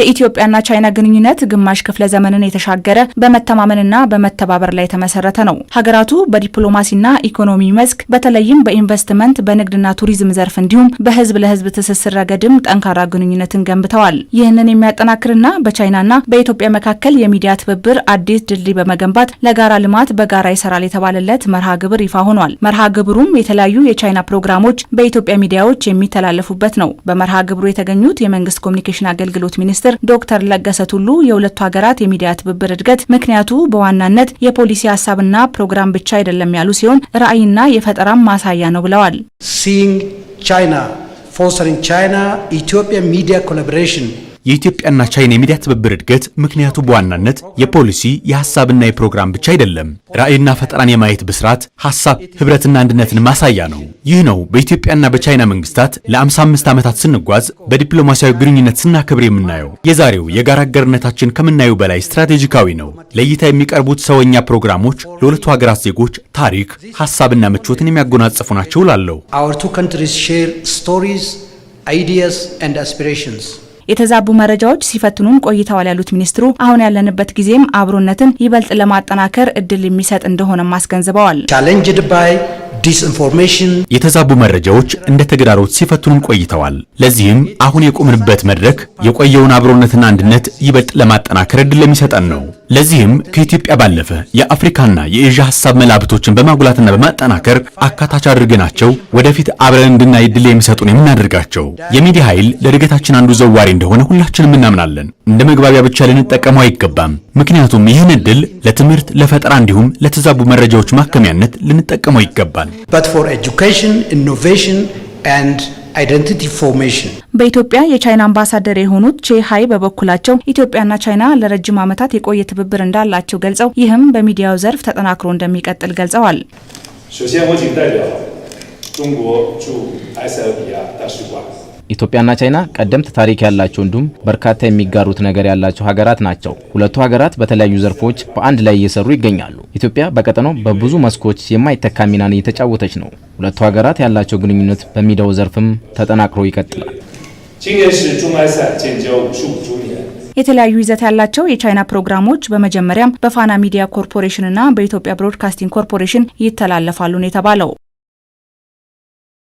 የኢትዮጵያና ቻይና ግንኙነት ግማሽ ክፍለ ዘመንን የተሻገረ በመተማመንና በመተባበር ላይ የተመሰረተ ነው። ሀገራቱ በዲፕሎማሲና ኢኮኖሚ መስክ በተለይም በኢንቨስትመንት በንግድና ቱሪዝም ዘርፍ እንዲሁም በህዝብ ለህዝብ ትስስር ረገድም ጠንካራ ግንኙነትን ገንብተዋል። ይህንን የሚያጠናክርና በቻይናና በኢትዮጵያ መካከል የሚዲያ ትብብር አዲስ ድልድይ በመገንባት ለጋራ ልማት በጋራ ይሰራል የተባለለት መርሃ ግብር ይፋ ሆኗል። መርሃ ግብሩም የተለያዩ የቻይና ፕሮግራሞች በኢትዮጵያ ሚዲያዎች የሚተላለፉበት ነው። በመርሃ ግብሩ የተገኙት የመንግስት ኮሚኒኬሽን አገልግሎት ሚኒስትር ሚኒስትር ዶክተር ለገሰ ቱሉ የሁለቱ ሀገራት የሚዲያ ትብብር እድገት ምክንያቱ በዋናነት የፖሊሲ ሀሳብና ፕሮግራም ብቻ አይደለም ያሉ ሲሆን ራዕይና የፈጠራም ማሳያ ነው ብለዋል። ሲንግ ቻይና ፎስተሪንግ ቻይና ኢትዮጵያ ሚዲያ ኮላቦሬሽን የኢትዮጵያና ቻይና የሚዲያ ትብብር እድገት ምክንያቱ በዋናነት የፖሊሲ የሐሳብና የፕሮግራም ብቻ አይደለም። ራዕይና ፈጠራን የማየት ብስራት፣ ሐሳብ ህብረትና አንድነትን ማሳያ ነው። ይህ ነው በኢትዮጵያና በቻይና መንግስታት ለ55 ዓመታት ስንጓዝ በዲፕሎማሲያዊ ግንኙነት ስናከብር የምናየው። የዛሬው የጋራ አጋርነታችን ከምናየው በላይ ስትራቴጂካዊ ነው። ለእይታ የሚቀርቡት ሰወኛ ፕሮግራሞች ለሁለቱ ሀገራት ዜጎች ታሪክ፣ ሐሳብና ምቾትን የሚያጎናጽፉ ናቸው እላለሁ። የተዛቡ መረጃዎች ሲፈትኑን ቆይተዋል ያሉት ሚኒስትሩ አሁን ያለንበት ጊዜም አብሮነትን ይበልጥ ለማጠናከር እድል የሚሰጥ እንደሆነም አስገንዝበዋል። ቻሌንጅድ ባይ ዲስኢንፎርሜሽን የተዛቡ መረጃዎች እንደ ተግዳሮት ሲፈትኑን ቆይተዋል። ለዚህም አሁን የቆምንበት መድረክ የቆየውን አብሮነትና አንድነት ይበልጥ ለማጠናከር እድል የሚሰጠን ነው። ለዚህም ከኢትዮጵያ ባለፈ የአፍሪካና የኤዥያ ሀሳብ መላብቶችን በማጉላትና በማጠናከር አካታች አድርገናቸው ወደፊት አብረን እንድናይ ዕድል የሚሰጡን የምናደርጋቸው የሚዲያ ኃይል ለእድገታችን አንዱ ዘዋሪ እንደሆነ ሁላችንም እናምናለን። እንደ መግባቢያ ብቻ ልንጠቀመው አይገባም። ምክንያቱም ይህን እድል ለትምህርት፣ ለፈጠራ እንዲሁም ለተዛቡ መረጃዎች ማከሚያነት ልንጠቀመው ይገባል። አይደንቲቲ ፎርሜሽን በኢትዮጵያ የቻይና አምባሳደር የሆኑት ቼ ሀይ በበኩላቸው ኢትዮጵያና ቻይና ለረጅም ዓመታት የቆየ ትብብር እንዳላቸው ገልጸው ይህም በሚዲያው ዘርፍ ተጠናክሮ እንደሚቀጥል ገልጸዋል። ኢትዮጵያና ቻይና ቀደምት ታሪክ ያላቸው እንዲሁም በርካታ የሚጋሩት ነገር ያላቸው ሀገራት ናቸው። ሁለቱ ሀገራት በተለያዩ ዘርፎች በአንድ ላይ እየሰሩ ይገኛሉ። ኢትዮጵያ በቀጠናው በብዙ መስኮች የማይተካ ሚናን እየተጫወተች ነው። ሁለቱ ሀገራት ያላቸው ግንኙነት በሚደው ዘርፍም ተጠናክሮ ይቀጥላል። የተለያዩ ይዘት ያላቸው የቻይና ፕሮግራሞች በመጀመሪያም በፋና ሚዲያ ኮርፖሬሽንና በኢትዮጵያ ብሮድካስቲንግ ኮርፖሬሽን ይተላለፋሉን የተባለው